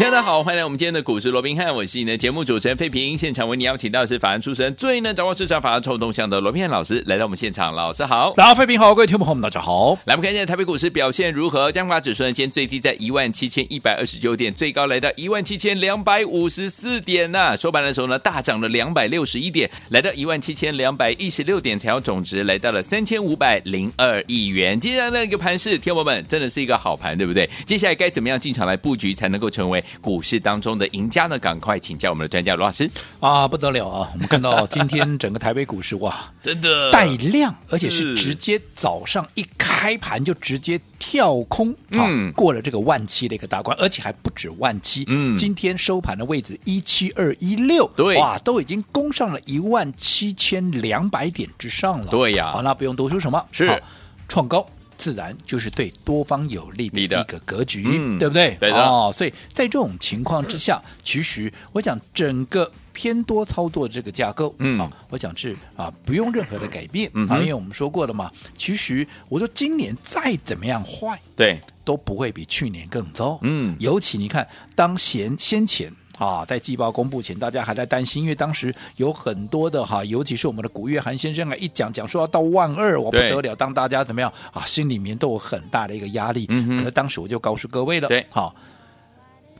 大家好，歡迎來我們今天的股市羅賓漢，我是你的節目主持人費平。現場為你邀請到的是法人出身最能掌握市場法人籌碼動向的羅賓漢老師來到我們現場，老師好，大家好，費平好，各位聽友們大家好。來我們看一下台北股市表現如何？加權指數呢，今天最低在一萬七千一百二十九點，最高來到一萬七千兩百五十四點呢、啊。收盤的時候呢，大漲了兩百六十一點，來到一萬七千兩百一十六點，才要總值來到了三千五百零二億元。接下來的一個盤勢，聽友們真的是一個好盤，對不對？接下來該怎麼樣進場來布局才能夠成為股市當中的贏家呢？趕快請教我們的專家羅老師啊！不得了啊！我們看到、啊、 今天整個台北股市哇，真的帶量，而且是直接早上一開盤就直接跳空，嗯、啊，過了這個萬七的一個大關、嗯，而且還不止萬七，嗯，今天收盤的位置一七二一六，對，哇，都已經攻上了一萬七千兩百點之上了，對呀。好、啊，那不用多說什麼，是、好、創高，自然就是對多方有利的一個格局，嗯，對不對？對的。哦，所以在這種情況之下，其實我想整個偏多操作這個架構，嗯啊，哦，我想是啊，不用任何的改變，嗯啊，因為我們說過了嘛。其實我說今年再怎麼樣壞，對，都不會比去年更糟。嗯，尤其你看當先先前。啊，在季報公布前，大家還在擔心，因為當時有很多的哈、啊，尤其是我們的谷月涵先生啊，一講講說要到萬二，我不得了，當大家怎麼樣啊，心裡面都有很大的一個壓力。嗯，可是當時我就告訴各位了，對，好、啊，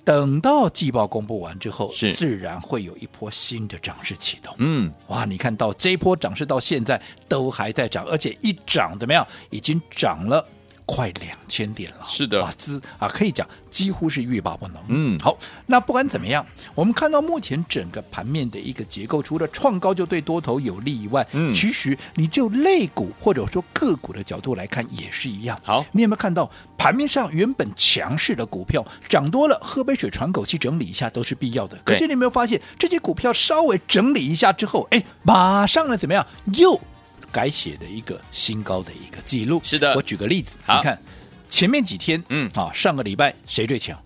等到季報公布完之後，是自然會有一波新的漲勢啟動。嗯，哇，你看到這一波漲勢到現在都還在漲，而且一漲怎麼樣，已經漲了。快兩千點了，是的，茲啊，可以講幾乎是欲罷不能。嗯，好，那不管怎麼樣，我們看到目前整個盤面的一個結構，除了創高就對多頭有利以外，嗯，其實你就類股或者說個股的角度來看也是一樣。好，你有沒有看到盤面上原本強勢的股票漲多了，喝杯水喘口氣整理一下都是必要的。對，可是你有沒有發現這些股票稍微整理一下之後，哎，馬上呢怎麼樣又？改寫的一個新高的一個記錄，是的。我舉個例子，你看前面幾天，嗯啊，上個禮拜誰最強？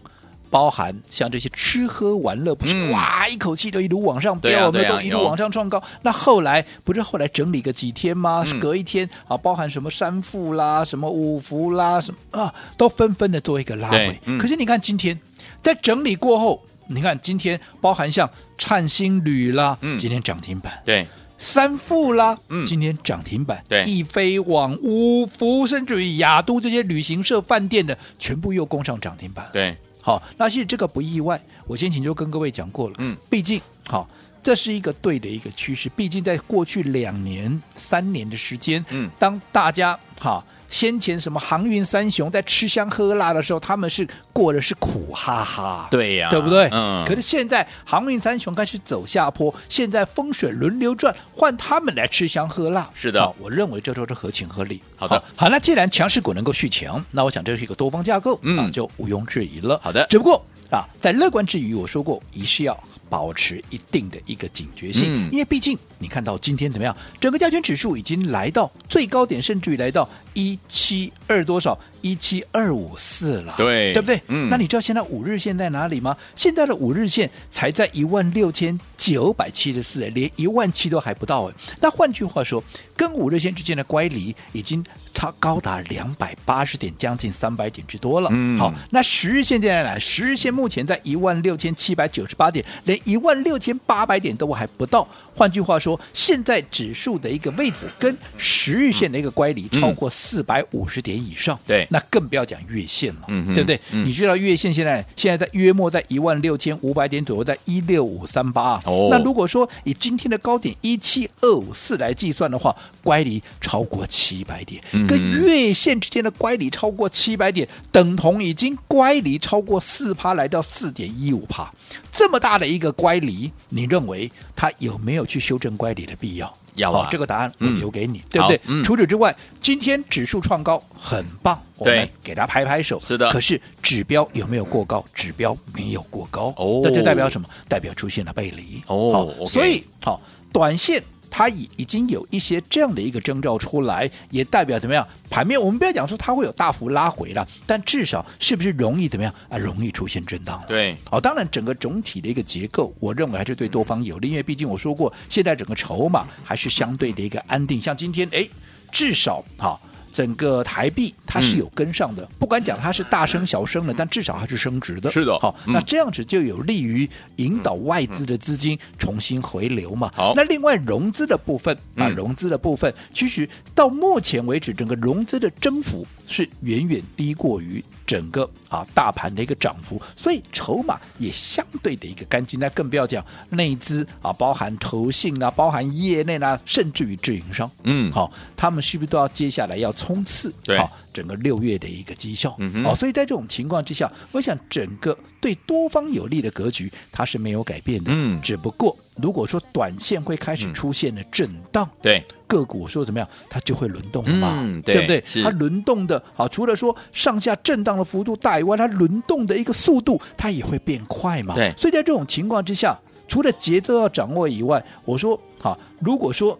包含像這些吃喝玩樂，嗯、不是哇，一口氣都一路往上飆，我們、啊啊、都一路往上創高。那後來不是後來整理個幾天嗎？嗯、隔一天啊，包含什麼三富啦，什麼五福啦，什麼啊，都紛紛的做一個拉回、嗯。可是你看今天在整理過後，你看今天包含像燦星旅啦，嗯，今天漲停板，對。三富啦，嗯，今天漲停板，對，易飛網、五福，甚至於雅都這些旅行社、飯店的，全部又攻上漲停板，對，好，那其實這個不意外，我先前就跟各位講過了，嗯，畢竟，好，這是一個對的一個趨勢，畢竟在過去兩年、三年的時間，嗯，當大家好。先前什麼航運三雄在吃香喝辣的時候，他們是過得是苦哈哈，對呀、啊，對不對？嗯。可是現在航運三雄開始走下坡，現在風水輪流轉，換他們來吃香喝辣。是的，啊、我認為這都是合情合理。好的，好了，好，那既然強勢股能夠續強，那我想這是一個多方架構，嗯，那就毋庸置疑了。好的，只不過啊，在樂觀之餘，我說過，一是要保持一定的一個警覺性、嗯，因為畢竟你看到今天怎麼樣，整個加權指數已經來到最高點，甚至於來到。一七二多少？一七二五四了，對對不對、嗯？那你知道現在五日線在哪裡嗎？現在的五日線才在一萬六千九百七十四，連一萬七都還不到哎。那換句話說，跟五日線之間的乖離已經它高達兩百八十點，將近三百點之多了、嗯。好，那十日線在哪裡？十日線目前在一萬六千七百九十八點，連一萬六千八百點都還不到。換句話說，現在指數的一個位置跟十日線的一個乖離超過、嗯。超過四百五十點以上，對，那更不要講月線了，嗯、對不對、嗯？你知道月線現在現在在約莫在一萬六千五百點左右，在一六五三八。哦，那如果說以今天的高點一七二五四來計算的話，乖離超過七百點，跟月線之間的乖離超過七百點、嗯，等同已經乖離超過四趴，來到四點一五趴，這麼大的一個乖離，你認為它有沒有去修正乖離的必要？好、哦，這個答案我留給你，嗯、對不對、嗯？除此之外，今天指數創高，很棒對，我們給大家拍拍手。是的。可是指標有沒有過高？指標沒有過高，哦、那就代表什麼？代表出現了背離，哦、好，okay. 所以，好、哦，短線。它已已經有一些這樣的一個徵兆出來，也代表怎麼樣？盤面我們不要講說它會有大幅拉回了，但至少是不是容易怎麼樣啊？容易出現震盪？對，好、哦，當然整個總體的一個結構，我認為還是對多方有利，因為畢竟我說過，現在整個籌碼還是相對的一個安定。像今天，哎，至少好、哦，整個台幣。它是有跟上的，不管講它是大升小升的，但至少它是升值的。是的，好、哦，那這樣子就有利於引導外資的資金重新回流嘛？好、嗯，那另外融資的部分、嗯、啊，融資的部分，其實到目前為止，整個融資的增幅是遠遠低過於整個啊大盤的一個漲幅，所以籌碼也相對的一個乾淨。那更不要講內資啊，包含投信啊，包含業內啊，甚至於自營商，嗯，好、哦，他們是不是都要接下來要衝刺？對，好、哦整個六月的一個績效、嗯、哦，所以在這種情況之下，我想整個對多方有利的格局它是沒有改變的，嗯，只不過如果說短線會開始出現了震盪，嗯、對個股說怎麼樣，它就會輪動了嘛、嗯對，對不對？它輪動的好、哦，除了說上下震盪的幅度大以外，它輪動的一個速度它也會變快嘛，所以，在這種情況之下，除了節奏要掌握以外，我說好、哦，如果說。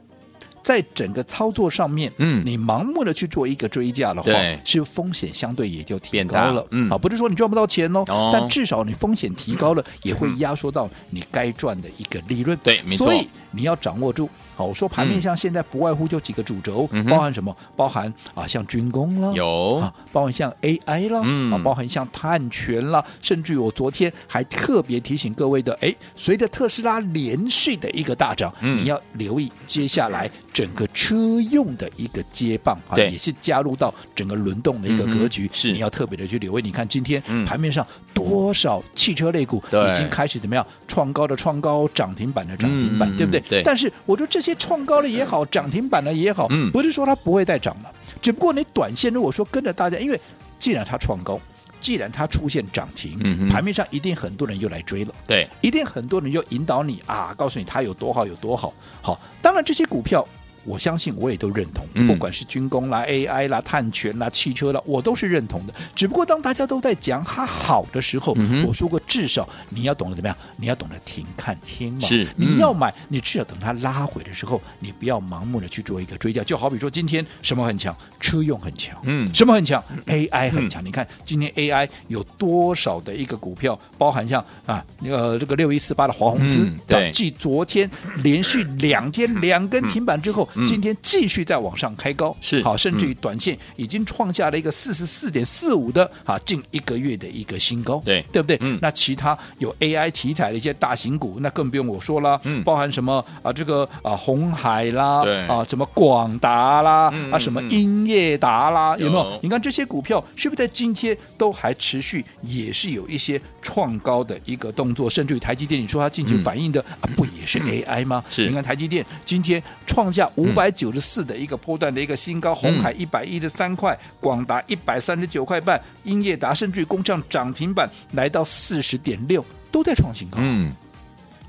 在整個操作上面，嗯，你盲目的去做一個追價的話，是風險相對也就提高了，嗯，啊，不是說你賺不到錢哦，哦，但至少你風險提高了、嗯，也會壓縮到你該賺的一個利潤，對、嗯，所以你要掌握住。好，我說盤面上現在不外乎就幾個主軸，嗯、包含什麼？包含啊，像軍工了，有啊，包含像 AI 了、嗯，啊，包含像碳權了，甚至於我昨天還特別提醒各位的，哎，隨着特斯拉連續的一個大漲、嗯，你要留意接下來整個車用的一個接棒對啊，也是加入到整個輪動的一個格局，嗯、是你要特別的去留意。你看今天盤面上多少汽車類股已經開始怎麼樣創高的創高漲停板的漲停板、嗯，對不對？對但是我覺得這。這些創高的也好，漲停板的也好，不是說它不會再漲了、嗯，只不過你短線如果說跟着大家，因為既然它創高，既然它出現漲停，盤、嗯、面上一定很多人又來追了，對，一定很多人又引導你啊，告訴你它有多好有多好，好，當然這些股票。我相信我也都認同、嗯，不管是軍工啦、AI 啦、碳權啦、汽車啦，我都是認同的。只不過當大家都在講它好的時候，嗯、我說過，至少你要懂得怎麼樣，你要懂得停看聽嘛。是、嗯，你要買，你至少等它拉回的時候，你不要盲目的去做一個追價。就好比說，今天什麼很強，車用很強，嗯，什麼很強，AI 很強、嗯。你看今天 AI 有多少的一個股票，嗯、包含像啊，那、呃、個這個六一四八的華宏資、嗯，對，繼昨天連續兩天、嗯、兩根停板之後。今天繼續在往上開高，是好，甚至於短線已經創下了一個四十四點四五的啊，近一個月的一個新高，對，對不對、嗯？那其他有 AI 題材的一些大型股，那更不用我說了，嗯、包含什麼啊，這個啊鴻海啦，啊什麼廣達啦，嗯、啊什麼英業達啦，嗯、有沒有？你看這些股票是不是在今天都還持續也是有一些創高的一個動作，甚至於台積電，你說它進行反應的，、嗯、啊，不也是 AI 嗎？是，你看台積電今天創下，五百九十四的一個波段的一個、嗯、新高，鴻海，一百一十三塊、嗯，廣達一百三十九塊半，英業達甚至攻上漲停板，來到四十點六，都在創新高、嗯。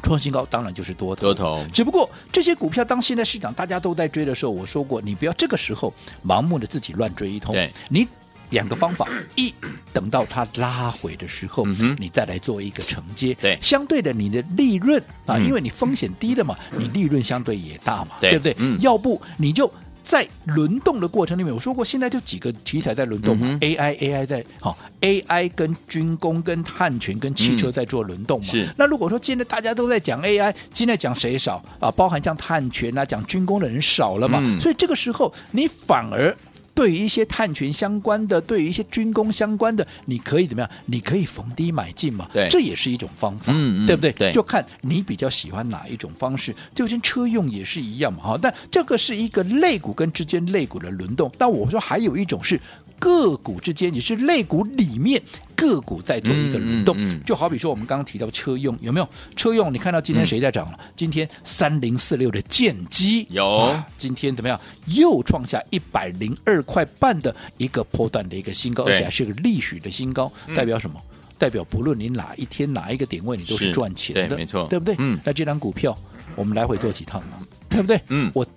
創新高當然就是多頭，多頭。只不過，這些股票當現在市場大家都在追的時候，我說過，你不要這個時候盲目的自己亂追一通。對你。兩個方法，一等到它拉回的時候、嗯，你再來做一個承接。對，相對的，你的利潤啊，因為你風險低了嘛、嗯，你利潤相對也大嘛，對，對不對、嗯？要不你就在輪動的過程裡面，我說過，現在就幾個題材在輪動、嗯、AI、AI 在好、啊、，AI 跟軍工、跟碳權、跟汽車在做輪動嘛。是。嗯、那如果說現在大家都在講 AI，現在講誰少啊？包含像碳權啊，講軍工的人少了嘛？嗯、所以這個時候你反而。對於一些碳權相關的，對於一些軍工相關的，你可以怎麼樣？你可以逢低買進嘛，對，這也是一種方法，嗯嗯，對不對？對。就看你比較喜歡哪一種方式。就跟車用也是一樣嘛，但這個是一個肋骨跟之間肋骨的輪動。但我說還有一種是。個股之間也是類股裡面個股在做一個輪動、嗯嗯嗯，就好比說我們剛剛提到車用有沒有車用？你看到今天誰在漲了？嗯、今天三零四六的建碁有、啊，今天怎麼樣？又創下一百零二塊半的一個波段的一個新高，而且還是個歷史的新高、嗯，代表什麼？代表不論你哪一天哪一個點位，你都是賺錢的，對，沒錯，對不對？嗯、那這張股票我們來回做幾趟了、嗯、對不對？嗯，我。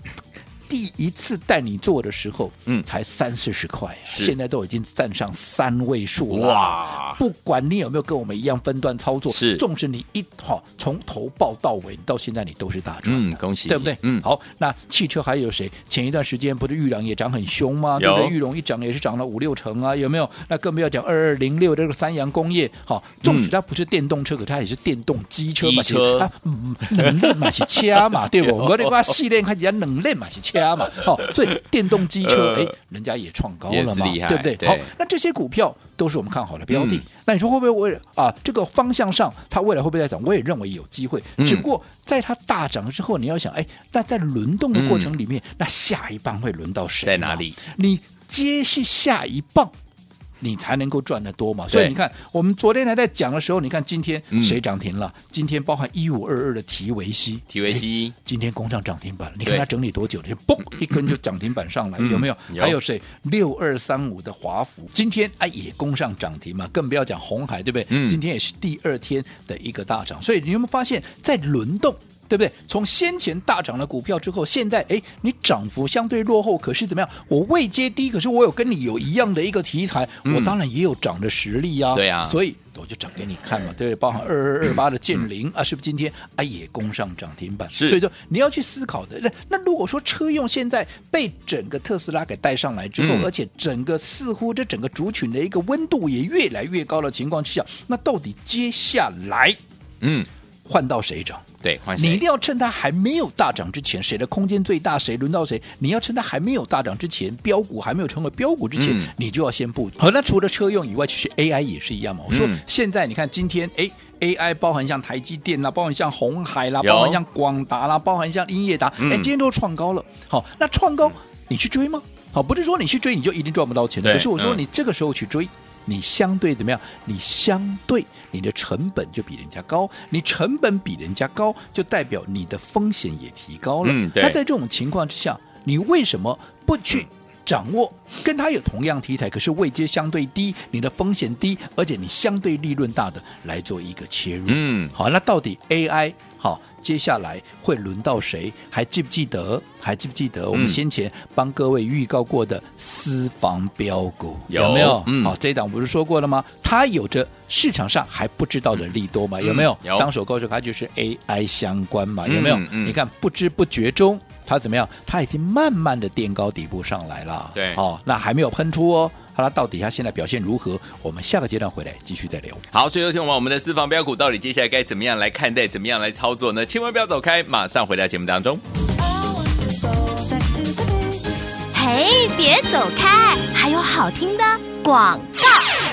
第一次帶你做的時候，嗯，才三四十塊、啊嗯，現在都已經站上三位數了。哇！不管你有沒有跟我們一樣分段操作，是，縱使你一套從、哦、頭抱到尾，到現在你都是大賺，嗯，恭喜，對不對？嗯，好，那汽車還有誰？前一段時間不是裕隆也漲很兇嗎？對不對？裕隆一漲也是漲了五六成啊，有沒有？那更不要講二二零六這個三陽工業，哈、哦，縱使它不是電動車，可它也是電動機車嘛，是啊，冷鏈嘛是車嘛， 對不？我哋話系列開始講冷鏈嘛是車。壓、啊、嘛，哦，所以電動機車，哎、呃，人家也創高了嘛，是厲害對不對，對？好，那這些股票都是我們看好的標的，嗯、那你說會不會我？我、呃、啊，這個方向上，它未來會不會再漲？我也認為也有機會、嗯，只不過在它大漲之後，你要想，哎，那在輪動的過程裡面，嗯、那下一棒會輪到誰？在哪裡？你接續下一棒。你才能夠賺得多嘛，所以你看，我們昨天還在講的時候，你看今天誰漲停了、嗯？今天包含一五二二的提維西，提維西今天攻上漲停板，你看它整理多久，你就嘣，嗯、一根就漲停板上來，有沒有？嗯、有還有誰？六二三五的華孚，今天哎也攻上漲停嘛，更不要講鴻海，對不對？嗯、今天也是第二天的一個大漲，所以你有沒有發現，在輪動？對不對？從先前大漲的股票之後，現在哎，你漲幅相對落後，可是怎麼樣？我未接低，可是我有跟你有一樣的一個題材，嗯、我當然也有漲的實力呀、啊。對呀、啊，所以我就漲給你看嘛。對,對，包含二二二八的劍麟、嗯、啊，是不是今天哎、啊、也攻上漲停板？所以說你要去思考的，那那如果說車用現在被整個特斯拉給帶上來之後、嗯，而且整個似乎這整個族群的一個溫度也越來越高的情況之下，那到底接下來嗯？換到誰漲？對換，你一定要趁它還沒有大漲之前，誰的空間最大，誰輪到誰。你要趁它還沒有大漲之前，飆股還沒有成為飆股之前、嗯，你就要先布局。好，那除了車用以外，其實 AI 也是一樣嘛。嗯、我說現在你看今天，哎，AI 包含像台積電啦，包含像鴻海啦，包含像廣達啦，包含像英業達，哎、嗯，今天都創高了。好，那創高你去追嗎？好，不是說你去追你就一定賺不到錢，可是我說、嗯、你這個時候去追。你相對怎麼樣？你相對你的成本就比人家高，你成本比人家高，就代表你的風險也提高了。嗯，對。那在這種情況之下，你為什麼不去？掌握跟他有同樣題材，可是位階相對低，你的風險低，而且你相對利潤大的，來做一個切入。嗯，好，那到底 AI 好，接下來會輪到誰？還記不記得？還記不記得我們先前幫各位預告過的私房標股、嗯、有沒有，有？嗯，好，這一檔不是說過了嗎？它有着市場上還不知道的利多嗎？有沒有？嗯、有當手高手，它就是 AI 相關嘛？有沒有？嗯、你看、嗯嗯、不知不覺中。它怎麼樣？它已經慢慢的墊高底部上來了，對哦，那還沒有噴出哦。好了，到底下現在表現如何？我們下個階段回來繼續再聊。好，所以有聽完我們的私房標股到底接下來該怎麼樣來看待，怎麼樣來操作呢？千萬不要走開，馬上回到節目當中。嘿，別走開，還有好聽的廣。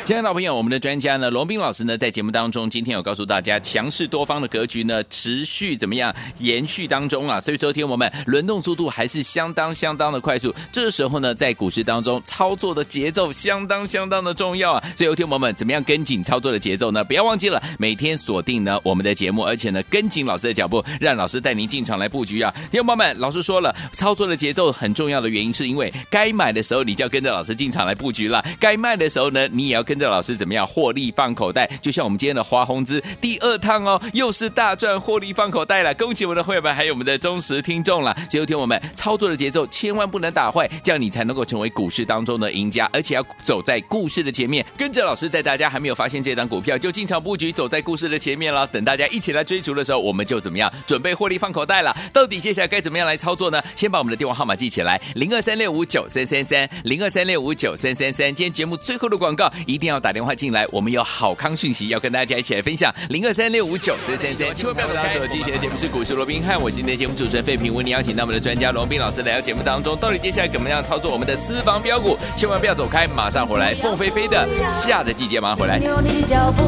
親愛的老朋友，我們的專家呢，文彬老師呢，在節目當中，今天有告訴大家，強勢多方的格局呢，持續怎麼樣延續當中啊？所以說聽友們，輪動速度還是相當相當的快速。這時候呢，在股市當中操作的節奏相當相當的重要啊！所以聽友們怎麼樣跟緊操作的節奏呢？不要忘記了每天鎖定呢，我們的節目，而且呢跟緊老師的腳步，讓老師帶您進場來佈局啊！聽友們，老師說了，操作的節奏很重要的原因是因為該買的時候，你就要跟着老師進場來佈局了；該賣的時候呢，你也要跟。跟着老師怎麼樣獲利放口袋？就像我們今天的華紅資第二趟哦，又是大賺獲利放口袋了。恭喜我們的會員們，還有我們的忠實聽眾了。只有聽我們操作的節奏，千萬不能打壞，這樣你才能夠成為股市當中的贏家。而且要走在股市的前面，跟着老師，在大家還沒有發現這檔股票就進場布局，走在股市的前面了。等大家一起來追逐的時候，我們就怎麼樣準備獲利放口袋了？到底接下來該怎麼樣來操作呢？先把我們的電話號碼記起來：零二三六五九三三三，零二三六五九三三三。今天節目最後的廣告一。一定要打電話進來，我們有好康訊息要跟大家一起來分享。零二三六五九四三三，千萬不要走開！今天的節目是股市羅賓漢，我今天的節目主持人費平，為你邀請到我們的專家羅賓老師來到節目當中，到底接下來怎麼樣操作我們的私房飆股？千萬不要走開，馬上回來！鳳飛飛的夏的季節，馬上回來。用你腳步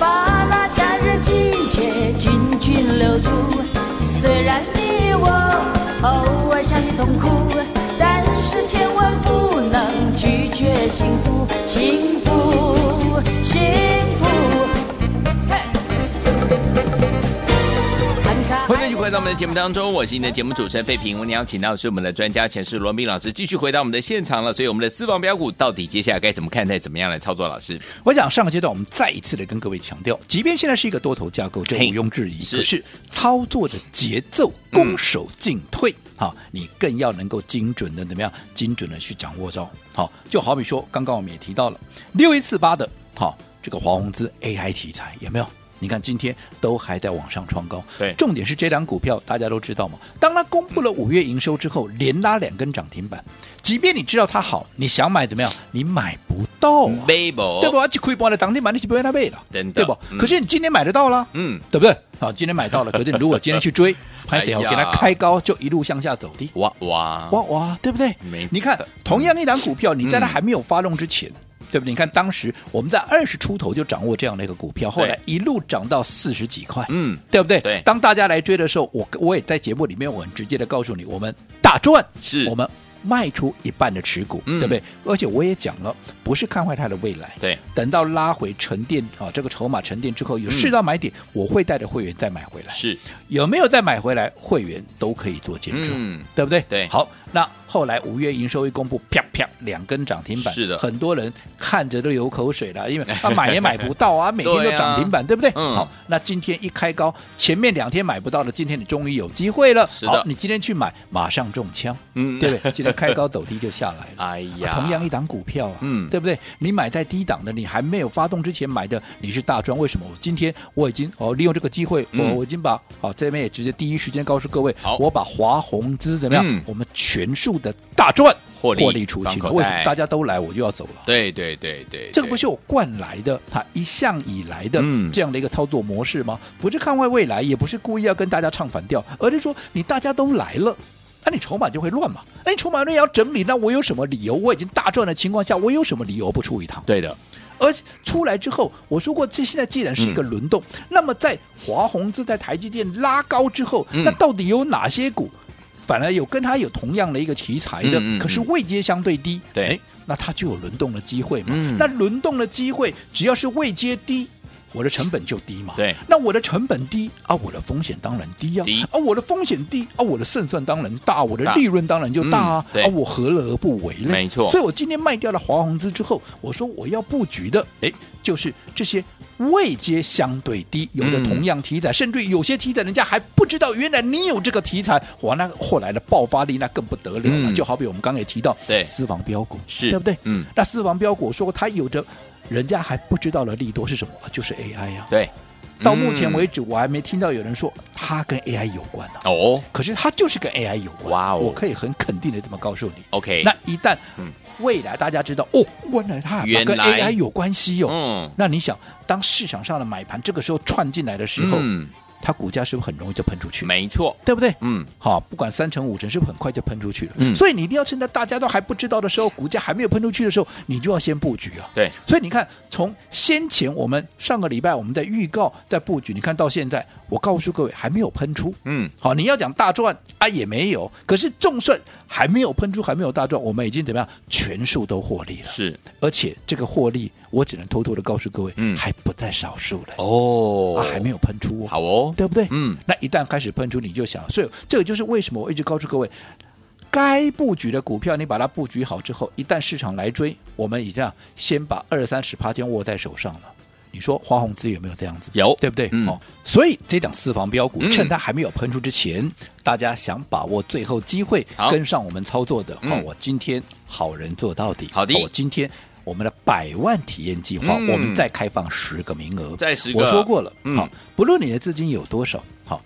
把那夏日季節緊緊留住，雖然你我偶爾想起痛苦，但是千萬不能拒絕幸福。在我們的節目當中，我是你的節目主持人費平。我們邀請到的是我們的專家、前市羅賓老師，繼續回到我們的現場了。所以，我們的私房標股到底接下來該怎麼看待？怎麼樣來操作？老師，我想上個階段我們再一次的跟各位強調，即便現在是一個多頭架構，這毋庸置疑。只是，是操作的節奏、攻守進退、嗯，好，你更要能夠精準的怎麼樣？精準的去掌握着。好，就好比說，剛剛我們也提到了六一四八的，好，這個驊宏資 AI 題材有沒有？你看，今天都還在往上衝高。對，重點是這檔股票，大家都知道嘛。當它公布了五月營收之後，嗯、連拉兩根漲停板。即便你知道它好，你想買怎麼樣？你買不到、啊買不。對不？而且可以把它當天不不他買那些不要他背了，對不、嗯？可是你今天買得到了，嗯，對不對？好、啊，今天買到了。可是你如果今天去追，潘 姐、哎，我給他開高，就一路向下走的。哇哇哇哇，對不對？你看，同樣一檔股票，嗯、你在它還沒有發動之前。對不對？你看當時我們在二十出頭就掌握這樣的一個股票，後來一路漲到四十幾塊，嗯，對不對？對。當大家來追的時候，我我也在節目裡面，我很直接的告訴你，我們大賺，是我們賣出一半的持股，嗯，對不對？而且我也講了，不是看壞它的未來，對，嗯。等到拉回沉澱啊，這個籌碼沉澱之後有適當買點，嗯，我會帶着會員再買回來，是有沒有再買回來？會員都可以做見證，嗯，對不對？對。好。那後來五月營收一公布，啪啪兩根漲停板，是的，很多人看着都流口水了，因為啊，買也買不到啊， 每天都漲停板對、啊，對不對？嗯，好，那今天一開高，前面兩天買不到的，今天你終於有機會了。好，你今天去買，馬上中槍，嗯，對不對？今天開高走低就下來了。 哎呀、啊，同樣一檔股票啊，嗯，對不對？你買在低檔的，你還沒有發動之前買的，你是大賺。為什麼？我今天我已經哦利用這個機會，我、嗯哦、我已經把哦這邊也直接第一時間告訴各位，嗯、我把華宏資怎麼樣？嗯、我們全。全數的大賺獲利出去，為什麼大家都來，我就要走了？對對對對，對，對，這個不是我慣來的，他一向以來的這樣的一個操作模式嗎？嗯、不是看壞未來，也不是故意要跟大家唱反調，而是說你大家都來了，那、啊、你籌碼就會亂嘛？那、啊、你籌碼亂要整理，那我有什麼理由？我已經大賺的情況下，我有什麼理由不出一趟？對的，而出來之後，我說過，這現在既然是一個輪動、嗯，那麼在華宏自在、台積電拉高之後、嗯，那到底有哪些股？反而有跟它有同樣的一個題材的嗯嗯嗯，可是位階相對低，對，那它就有輪動的機會嘛、嗯。那輪動的機會，只要是位階低，我的成本就低嘛。對，那我的成本低啊，我的風險當然低啊。低啊，我的風險低啊，我的勝算當然大，我的利潤當然就大，大、嗯、啊對。啊，我何樂而不為呢？沒錯。所以，我今天賣掉了華宏資之後，我說我要布局的，誒就是這些。位階相對低，有的同樣題材，嗯、甚至於有些題材人家還不知道，原來你有這個題材，哇那後來的爆發力那更不得了，了、嗯。就好比我們剛剛也提到對，對死亡標股，是對不對？嗯，那死亡標股我說過，他有着人家還不知道的利多是什麼，就是 AI 呀、啊，對。到目前為止、嗯，我還沒聽到有人說它跟 AI 有關、啊、哦，可是它就是跟 AI 有關。哇哦，我可以很肯定的這麼告訴你。OK，那一旦未來大家知道哦，原來它、哦、跟 AI 有關係哦、嗯。那你想，當市場上的買盤這個時候串進來的時候。嗯它股價是不是很容易就噴出去？沒錯，對不對？嗯，好，不管三成五成，是不是很快就噴出去了？嗯，所以你一定要趁在大家都還不知道的時候，股價還沒有噴出去的時候，你就要先布局啊。對，所以你看，從先前我們上個禮拜我們在預告在布局，你看到現在，我告訴各位還沒有噴出，嗯，好，你要講大賺啊也沒有，可是縱算還沒有噴出，還沒有大賺，我們已經怎麼樣，全數都獲利了，是，而且這個獲利。我只能偷偷的告訴各位、嗯，還不在少數嘞哦、啊，還沒有噴出、哦，好哦，對不對？嗯，那一旦開始噴出，你就想，所以這個就是為什麼我一直告訴各位，該布局的股票，你把它布局好之後，一旦市場來追，我們已經先把二三十趴錢握在手上了。你說花紅資有沒有這樣子？有，對不對？好、嗯，所以這檔私房標股，趁它還沒有噴出之前、嗯，大家想把握最後機會跟上我們操作的話，好，我今天好人做到底，好的，我今天。我們的百萬體驗計劃，嗯，我們再開放十個名額，再十個，我說過了，嗯，好，不論你的資金有多少，好，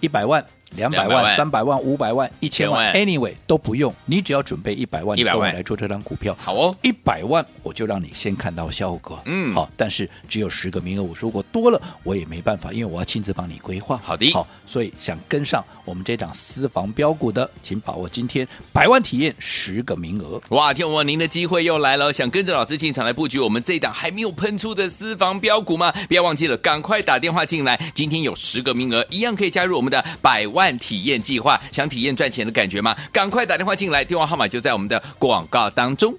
一百萬。兩百萬、三百萬、五百萬、一千萬 ,1000 萬,萬，anyway 都不用，你只要準備一百萬，一百萬你來做這張股票，100好哦，一百萬我就讓你先看到效果，嗯，好，但是只有十個名額，我說過多了我也沒辦法，因為我要親自幫你規劃，好的，好，所以想跟上我們這檔私房飆股的，請把握今天百萬體驗十個名額，哇，天王、哦、您的機會又來了，想跟着老師進場來布局我們這一檔還沒有噴出的私房飆股嗎？不要忘記了，趕快打電話進來，今天有十個名額，一樣可以加入我們的百萬。體驗計劃，想體驗賺錢的感覺嗎？趕快打電話進來，電話號碼就在我們的廣告當中。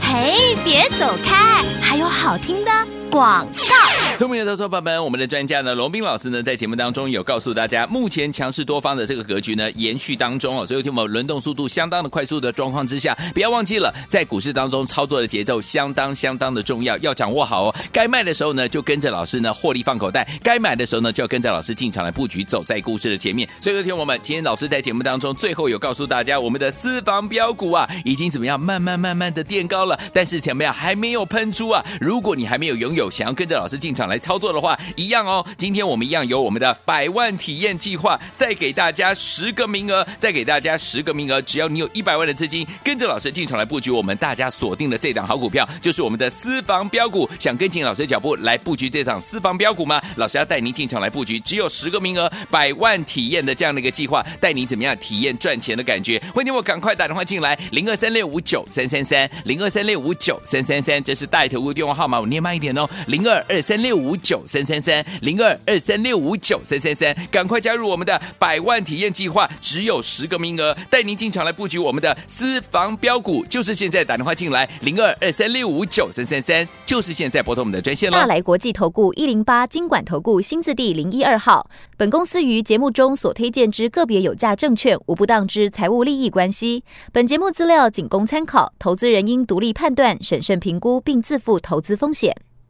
嘿，hey，別走開，還有好聽的廣告。聰明的投資者朋友們，我們的專家呢，文彬老師呢，在節目當中有告訴大家，目前強勢多方的這個格局呢，延續當中哦。所以有聽我們輪動速度相當的快速的狀況之下，不要忘記了，在股市當中操作的節奏相當相當的重要，要掌握好哦。該賣的時候呢，就跟着老師呢獲利放口袋；該買的時候呢，就要跟着老師進場來布局，走在股市的前面。所以有聽我們今天老師在節目當中最後有告訴大家，我們的私房標股啊，已經怎麼樣慢慢慢慢的墊高了，但是怎麼樣還沒有噴出啊？如果你還沒有擁有，想要跟着老師進場。來操作的話，一樣哦。今天我們一樣有我們的百萬體驗計劃，再給大家十個名額，再給大家十個名額。只要你有一百萬的資金，跟着老師進場來布局，我們大家鎖定的這檔好股票，就是我們的私房標股。想跟緊老師的腳步來布局這檔私房標股嗎？老師要帶您進場來布局，只有十個名額，百萬體驗的這樣的一個計劃，帶你怎麼樣體驗賺錢的感覺？歡迎我趕快打電話進來，零二三六五九三三三，零二三六五九三三三，這是帶頭屋電話號碼，我念慢一點哦，零二二三六。五九三三三零二二三六五九三三三，趕快加入我們的百萬體驗計劃，只有十個名額，帶您進場來布局我們的私房標股，就是現在打電話進來，零二二三六五九三三三，就是現在撥通我們的專線嘍。大來國際投顧一零八金管投顧新字第零一二號，本公司於節目中所推薦之個別有價證券無不當之財務利益關係，本節目資料僅供參考，投資人應獨立判斷、審慎評估並自負投資風險。